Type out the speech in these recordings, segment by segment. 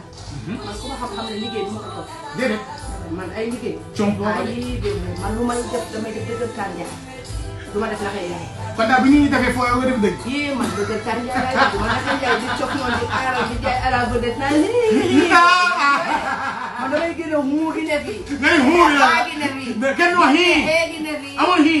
dara. man ku ma xam-xam ne liggéey bi ma ko toog. déedéet man ay liggéey. cong boo ay liggéey man lu may def damay def dëggantaan jaay. du ma def naka yaay. kon daal bu ñu ñu defee fooy nga def dëgg. yee man dëggantaan jaay laay def man naka yaay di cokk noonu di aaral di jaay ala ba def naa lii. man damay gën a muur gi ne fii. ngay muur yow. waa gi ne fii. kenn wax yii. xee gi ne fii. amul yii.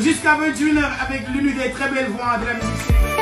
jusqu'à 21h avec l'une des très belles voix de la musique